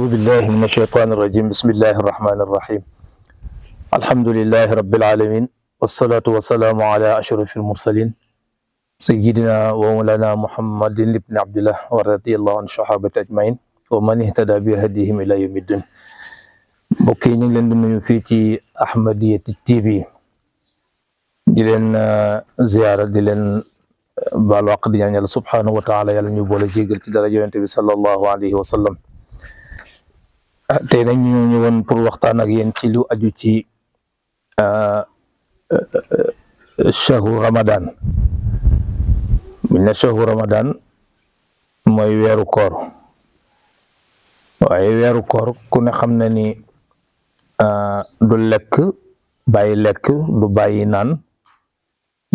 أعوذ بالله من الشيطان الرجيم بسم الله الرحمن الرحيم الحمد لله رب العالمين والصلاة والسلام على أشرف المرسلين سيدنا ومولانا محمد بن عبد الله ورضي الله عن الصحابة أجمعين ومن اهتدى بهديهم إلى يوم الدين بكين لندن يفيتي أحمدية التيفي di زيارة fii بالوقت يعني سبحانه وتعالى يلن يبولي جيغل leen baal صلى الله عليه وسلم Ah, tey nag ñu ñëwoon pour waxtaan ak yéen ci lu aju ci ah, ah, shahru ramadan buñ ne shahru ramadan mooy weeru koor waaye weeru koor ku ne xam na ni du lekk bàyyi lekk du bàyyi naan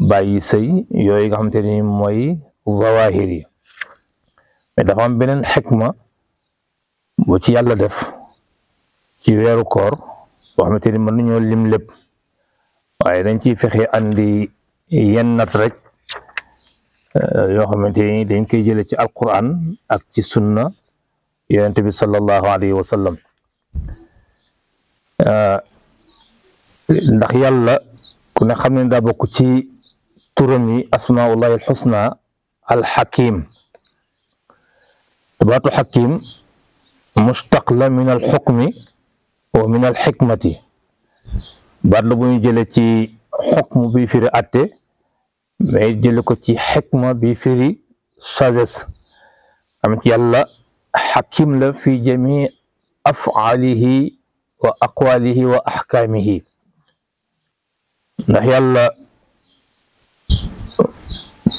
bàyyi sëy yooyu nga xamante ni mooy zawahir yi mais beneen xikma bu ci yàlla def ci wéru koor boo xamante ni mën nañoo lim lépp waaye dañ ciy fexe andi yenn nat rek yoo xamante ni dañ koy jële ci alquran ak ci sunna yonente bi sallallahu alayhi wa sallam ndax yàlla ku ne xam ne daa bokk ci turam yi asmaullahi alxusna alxakim baatu xakim mustaq la min alxukmi ومن الحكمة بعد لو جلتي حكم بفري أتي ما يجلكو تي حكمة بفري سازس أمت يلا حكيم له في جميع أفعاله وأقواله وأحكامه نحي الله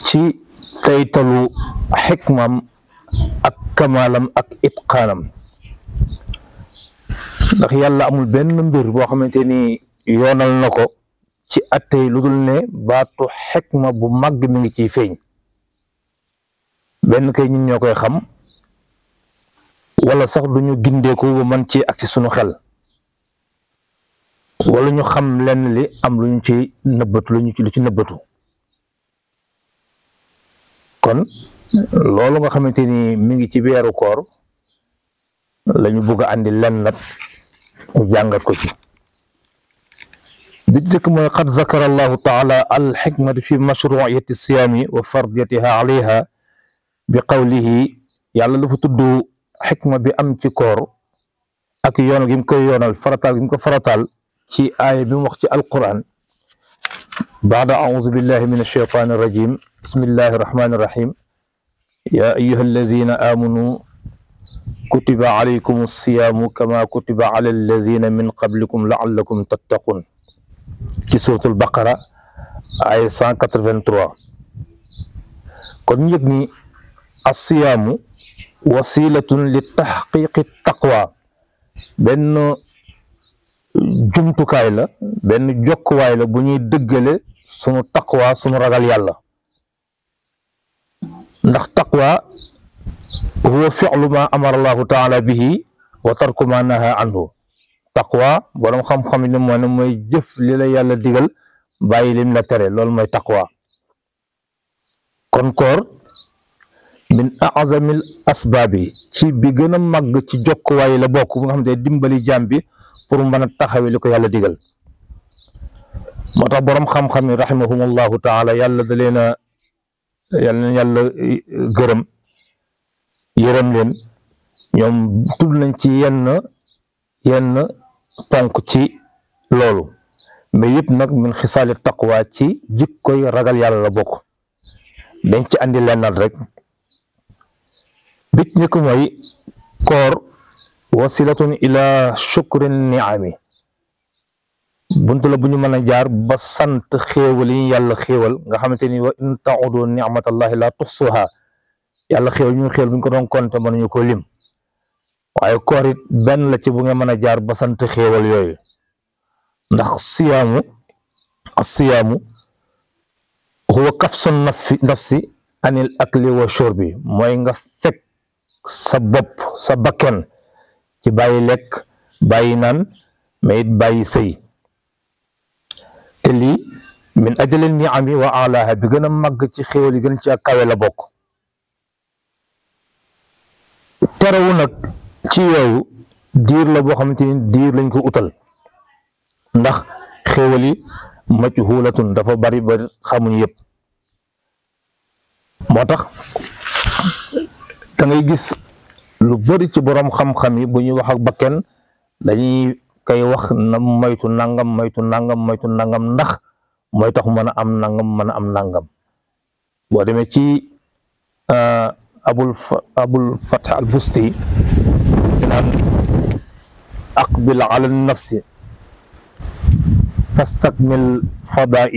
تي تيتلو حكمة أكمالم أك ndax yàlla amul benn mbir boo xamante ni yoonal na ko ci attey lu dul ne baatu xekma bu màgg mi ngi ciy feeñ benn kay ñun ñoo koy xam walla sax ñu gindeeku ba mën ci ak ci sunu xel wala ñu xam lenn li am lu ñu ci nëbbatu lu ñu ci lu ci nëbbatu kon loolu nga xamante ni mi ngi ci weeru koor lañu bëgg a andi lenn nag قد ذكر الله تعالى الحكمة في مشروعية الصيام وفرضيتها عليها بقوله يا الله لفتدو حكمة بأمتي كور أكي يون غيم كو الفرطال غيم فرطال كي آية بموقت القرآن بعد أعوذ بالله من الشيطان الرجيم بسم الله الرحمن الرحيم يا أيها الذين آمنوا كتب عليكم الصيام كما كتب على الذين من قبلكم لعلكم تتقون في سوره البقره اي 183 كون يغني الصيام وسيله لتحقيق التقوى بن جمتو كايلا بن جوك وايلا بني دغله سونو تقوى سونو رغال يالا ناخ تقوى هو فعل ما أمر الله تعالى به وترك ما نهى عنه تقوى بروم خم خم نم نم جف للا يالا ديغل باي لم لا تري لول موي تقوى كونكور من اعظم الاسباب تي بي غنا ماغ تي جوك واي لا بوك دي ديمبالي جامبي بور مانا تاخاوي لوكو يالا ديغل موتا خم خم رحمهم الله تعالى يالا دلينا يالا يالا جرم yërëm leen ñoom tudd nañ ci yenn yenn ponk ci loolu mais yëpp nag min xisaali taqwa ci jikkoy ragal yàlla la bokk dañ ci andi lennal rek bit ñëkk moy koor wasilatun ila shukrin niami bunt la bu ñu mën a jaar ba sant xéewal yi yàlla xéewal nga xamante ni wa in taudu nicmatallahi la tuxsuha yàlla xéwal ñu xéwal bu ñu ko doon compter mënuñu ko lim waaye koor it benn la ci bu nga mën a jaar ba sant yooyu ndax siyaamu siyaamu huwa kafsun nafsi nafsi anil wa shurbi mooy nga fekk sa bopp sa bakken ci bàyyi lekk bàyyi naan mais it bàyyi sëy te lii min niami wa alaha bi gën a màgg ci xéwal yi gën ci ak la bokk terewu nag ci yooyu diir la boo xamante ni diir lañ ko utal ndax xéewal yi majhulatun dafa bari ba xamuñ yëpp moo tax dangay gis lu bari ci boroom xam-xam bu ñuy wax ak bakken dañuy kay wax na moytu nangam moytu nangam moytu nangam ndax mooy tax mën a am nangam mën a am nangam boo demee ci euh, abul abul fath al busti dengan aqbil al nafsi fastakmil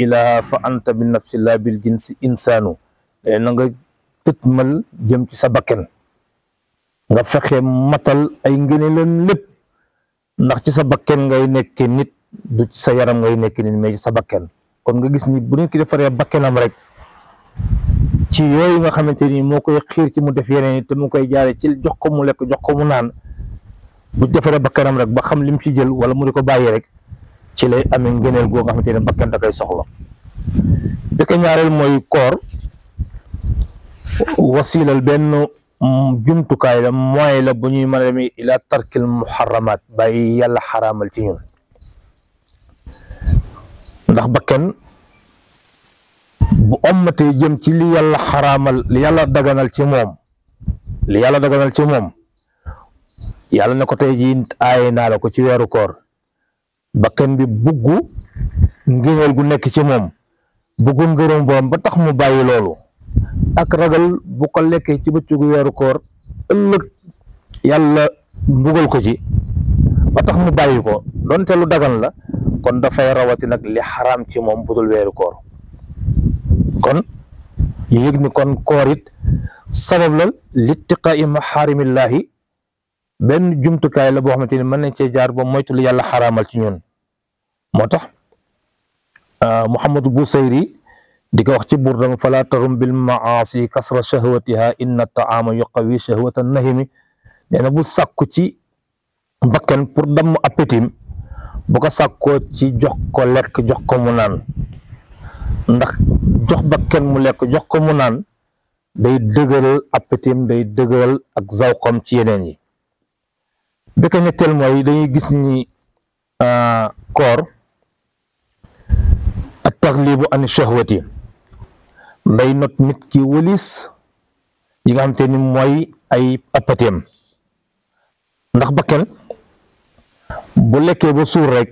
ila fa anta bin nafsi la bil jinsi insanu eh, na nga tëtmal jëm ci sa bakken nga fexé matal ay ngëneelam lepp ndax ci sa bakken ngay nekk nit du ci sa yaram ngay nekk nit mais ci sa bakken kon nga gis ni bu nit ki defare bakkenam rek ci yooyu nga xamante nii moo koy xiir ci mu def yeneen te mu koy jaare ci jox ko mu lekk jox ko mu naan bu defaree ba bakkanam rek ba xam lim ci jël wala mu di ko bàyyi rek ci lay amee ngëneel goo nga xamante ne bakkan da koy soxla bi ko ñaareel mooy koor wasiilal benn mm, jumtukaay la mooy la bu ñuy mën a demee ila mu muharramat bàyyi yàlla xaraamal ci ñun ndax bakkan bu ommatee jëm ci li yàlla xaraamal li yàlla daganal ci moom li yàlla daganal ci moom yàlla ne ko tey jii aaye naa la ko ci weeru koor bakkan bi buggu ngëneel gu nekk ci moom bugg ngërëm borom ba tax mu bàyyi loolu ak ragal bu ko lekkee ci bëccëgu weeru koor ëllëg yàlla mbugal ko ci ba tax mu bàyyi ko donte lu dagan la kon dafay rawati nag li xaram ci moom budul weeru koor kon ñu kon korit sabab lal littiqaa'i maxaarimillahi ben jumtukaay la bo xamanteni man nañ ci jaar bo moytu lu yàlla ci ñun motax ah, muhammadu busairi di wax ci burdam fala tarum bil maasi kasra shahwatiha inna taama yuqawi shahwata nahimi nee bu sakku ci bakkan pour dam appetit bu ko sakko ci jox ko lek jox ko mu nan ndax jox bakken mu lekk jox ko mu naan day dëgëral appétit day dëgëral ak zawqam ci yeneen yi bi ko ñetteel mooy dañuy gis ni euh, koor ak takliibu an shahwati day not nit ki wëlis yi nga xam te ni mooy ay appétit ndax bakken bu lekkee ba suur rek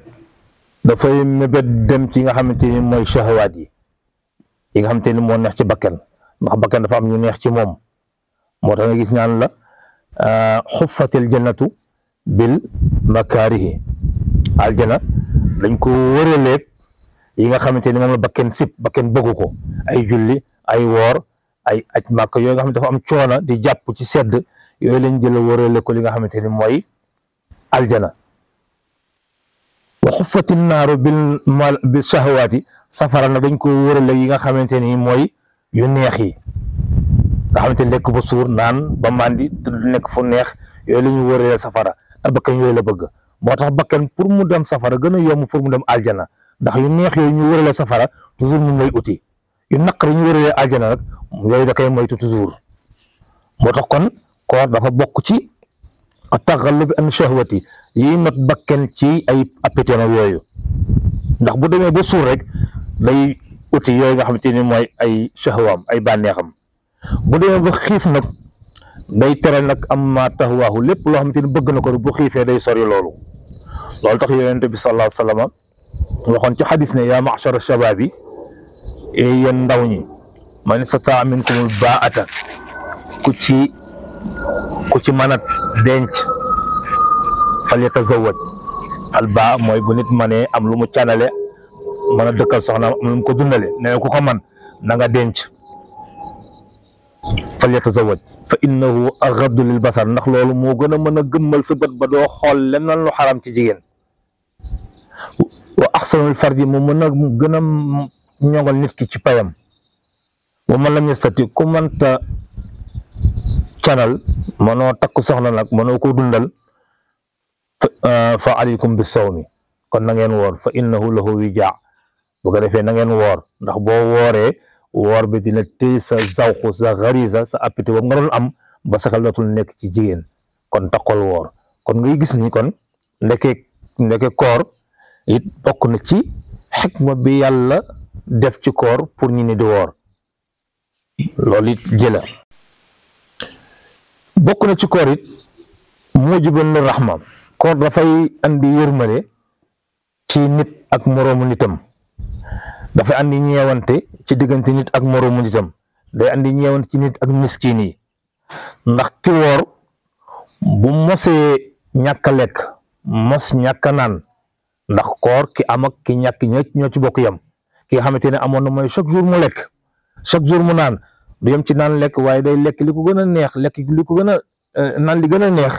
dafay mébét dem ci nga xamante ni mooy shahwaat yi yi nga xam te ne moo neex ci bakkan ndax bakkan dafa am ñu neex ci moom moo tax nga gis ñaan la euh, xuffatil jannatu bil makaarihi aljana dañ ko wëraleeg yi nga xamante ni moom la bakken sip bakken bëggu ko ay julli ay woor ay aj màkk yooyu nga xam dafa am coona di jàpp ci sedd yooyu lañ jël wërale ko li nga xamante ni mooy aljana wa xuffatil naaru bil sahawaati safara nag dañ ko wërale yi nga xamante ni mooy yu neex yi nga xamante ni lekk ba suur naan ba màndi du nekk fu neex yooyu la ñu safara te bakkan yooyu la bëgg moo tax bakkan pour mu dem safara gën a yomb pour mu dem aljana ndax yu neex yooyu ñu wëralee safara toujours uti yu naqari ñu wëralee aljana nag yooyu da koy moytu toujours moo tax kon koor dafa bokk ci taxallub an shahwati yi not bakkan ci ay appétit yooyu ndax bu demee ba suur rek day uti yooyu nga xamante ni mooy ay shahwaam ay bànneexam bu demee ba xiif nag day tere nag am ma taxawaaxu lépp loo xamante ni bëgg na ko bu xiifee day sori loolu loolu tax yonent bi sallallahu alayhi wa sallam waxoon ci xadis ne yaa machara shabaab yi e yéen ndaw ñi man istataa minkumul baata ku ci ku ci mën a denc fal yatazawaj al baa mooy bu nit mënee am lu mu canale mana a soxna mum ko dundale ne ko ko man na nga denc fal yatazawaj fa innahu aghaddu lil basar ndax loolu mo geuna meuna gemmal a gëmmal sa ba doo xool leneen lu haram ci jigen wa ahsanul farji mu mën a gën a ñongal nit ki ci payam wa man lam yastati ku ta channel mono takku soxna nak mono ko dundal fa ah, alaykum bi sawmi kon na ngeen wor fa innahu lahu wija bu ko defee na ngeen woor ndax boo wooree woor bi dina téye sa zawqu sa xarisa sa appétit boobu nga doon am ba saxal dootul nekk ci jigéen kon taxol woor kon ngay gis ni kon ndeke ndeke koor it bokk na ci xikma bi yàlla def ci koor pour ñu ne di woor loolu it jëla bokk na ci koor it mujibun rahma koor dafay andi yërmale ci nit ak moroomu nitam dafa andi ñewante ci digënté nit ak moroomu nitam day andi ñeewante ci nit ak miskini ndax ki wor bu mosee ñàkk lek mos ñàkk nan ndax koor ki am ak ki ñak ñet ñoo ci bokk yam ki nga amono moy chaque jour mu lek chaque jour mu nan du yam ci nan lek waye day lek li gëna neex lek li gëna euh, nan li gëna neex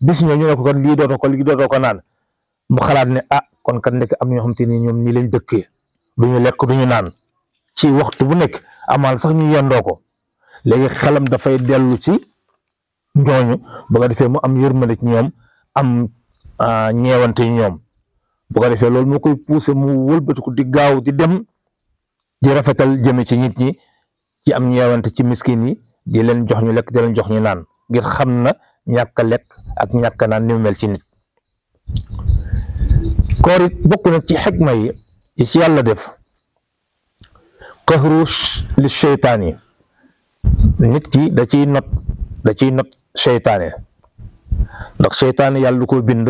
bis ñoo ñu ko kon li doto ko li doto ko nan mu xalaat ne ah kon kan nek am ñoo xamante ñoom lañ dëkke buñu lek buñu nan, ci waxtu bu nek amal sax ñu yendoo ko xalam da fay delu ci ñooñu bu ko defé mu am yermale ci ñoom am ah, ñewante ñoom bu ko defé lool mu koy pousser mu wëlbatiku di gaaw di dem di rafetal jëm ci nit ñi ci am ñewante ci miskini di leen jox ñu lek di leen jox ñu nan ngir xamna ñak lek ak ñak nan ni mel ci nit koor bokku na ci hikma yi yi yàlla def qaxru li seytaane yi nit ki da ciy not da ciy not seytaane ndax seytaane yàlla du ko bind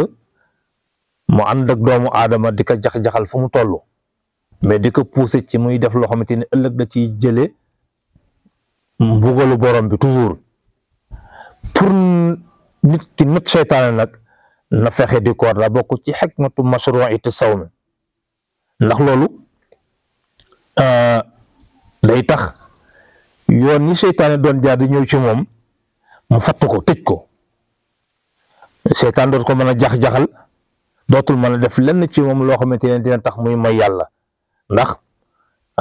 mu am ak doomu aadama di ko jax-jaxal fu mu toll mais di ko poussé ci muy def loo xamante ni ëllëg da ci jële mbugalu borom bi toujours pour nit ki not seytaane nag na fexe di koor daa bokk ci xikmatu saw mi ndax loolu euh, day tax yoon yi seytaane doon jaar di ñëw ci moom mu fatt ko tëj ko seytaan doot ko mën a jax-jaxal dootul mën a def lenn ci moom loo xamante ne dina tax muy may yàlla ndax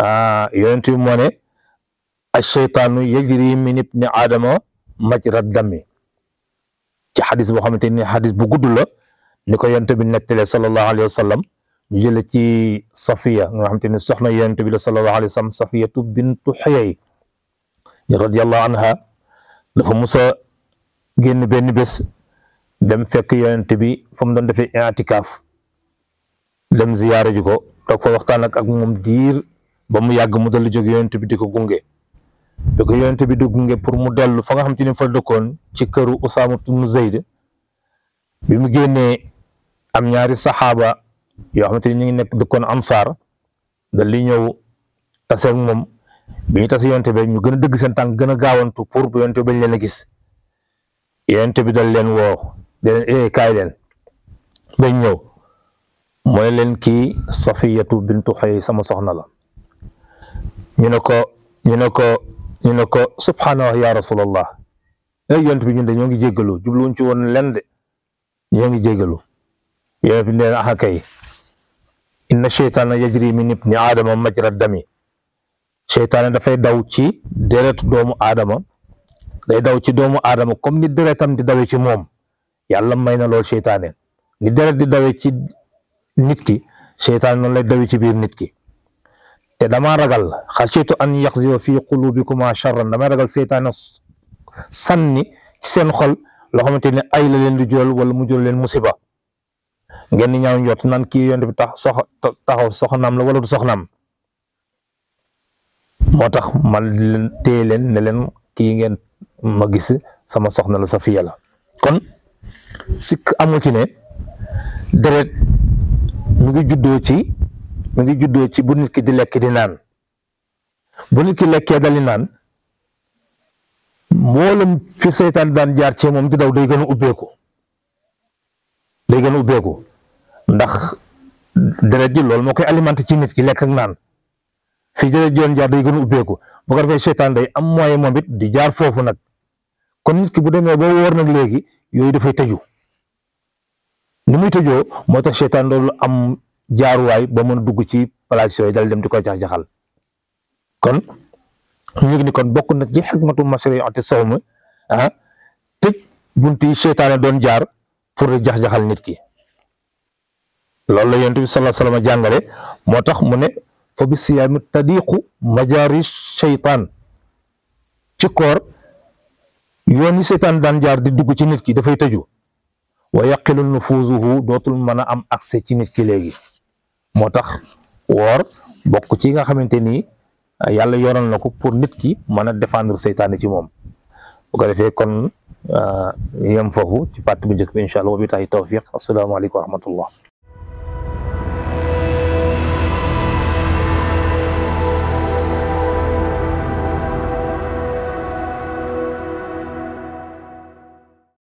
euh, yonent bi moo ne a seytaanu yajri min ibni aadama majra dami ci xadis boo xamante ni xadis bu gudd la ni ko yonent bi nettalee sallallahu alayhi wa ñu jële ci safiya nga xamante ne soxna yonent bi la sallallahu alayhi wa sallam safiyatu bintu xuyay radiallahu anha dafa musa génn benn bés dem fekk yonent bi fa mu doon defee itikaaf dem ziyaare ji ko toog fa waxtaan ak ak moom diir ba mu yàgg mu dal jóg yonent bi di ko gunge bi ko yonent bi di gunge pour mu dellu fa nga xamante ni fa dëkkoon ci këru Usaama ibn Zayd mu génnee am ñaari saxaaba yo xamanteni ñi ñu ngi nekk dëkkoon ansar da li ñew tass ak mom bi ñu tass yonte be ñu gëna dëgg seen tang gëna gaawantu pour bu yonte bañ leen gis yonte bi dal leen wo de e eh leen bañ ñew mooy leen ki safiyatu bint hay sama soxna la ñu ne ko ñu ne ko ñu ne ko subhanallah ya Rasulullah e eh, yonte bi ñu dañu ngi jéggelu jublu jubluwuñ ci won leen de ñoo ngi jéggelu yonte bi neen inna seytaana yajri min ibni aadama majra dami seytaane dafay daw ci deretu doomu aadama day daw ci doomu aadama comme ni deretam di dawee ci moom yàlla may na lool seytaane ni deret di dawee ci nit ki seytaane noonu lay dawee ci biir nit ki te dama ragal xasiitu an yaxziba fi qulubikuma charran dama ragal seytaane sànni ci seen xol loo xamante ne ay la leen di jural wala mu jural leen musiba ngeen ñaaw njort nan ki yënd bi tax sox taxaw nam la wala du soxnaam moo tax man téye leen ne leen ki ngeen ma gis sama soxna la Safiya la kon sik amul ci ne deret mi ngi juddo ci mi ngi juddo ci bu nit ki di lek di nan bu nit ki dal dali nan molam fi setan daan jaar ci mom di daw day gëna ubbeeku day gëna ubbeeku ndax deret ji loolu moo koy alimenté ci nit ki lekk ak naan fii deret ji doon jaar day gën a ubbeeku ko defee seetaan day am moyen moom it di jaar foofu nag kon nit ki bu demee boo wóor nag léegi yooyu dafay tëju ni muy tëjoo moo tax seetaan loolu am jaaruwaay ba mën dugg ci place yooyu dal dem di koy jax-jaxal kon ñu ngi ni kon bokk na ci xikmatu mashriati sawm ah tëj bunti seetaane doon jaar pour di jax-jaxal nit ki loolu la yonent bi sallallahu alayhi wa jàngale moo tax mu ne fa bi siyaami tadiqu majaari seytaan ci koor yoon yi seytaan daan jaar di dugg ci nit ki dafay tëju wa yaqilu nufuusuhu dootul mën a am accès ci nit ki léegi moo tax woor bokk ci nga xamante ni yàlla yoral na ko pour nit ki mën a défendre seytaane ci moom bu ko defee kon euh, yem foofu ci pàtt bu njëkk bi incha allah wa bi tax tawfiq asalaamaaleykum wa rahmatullah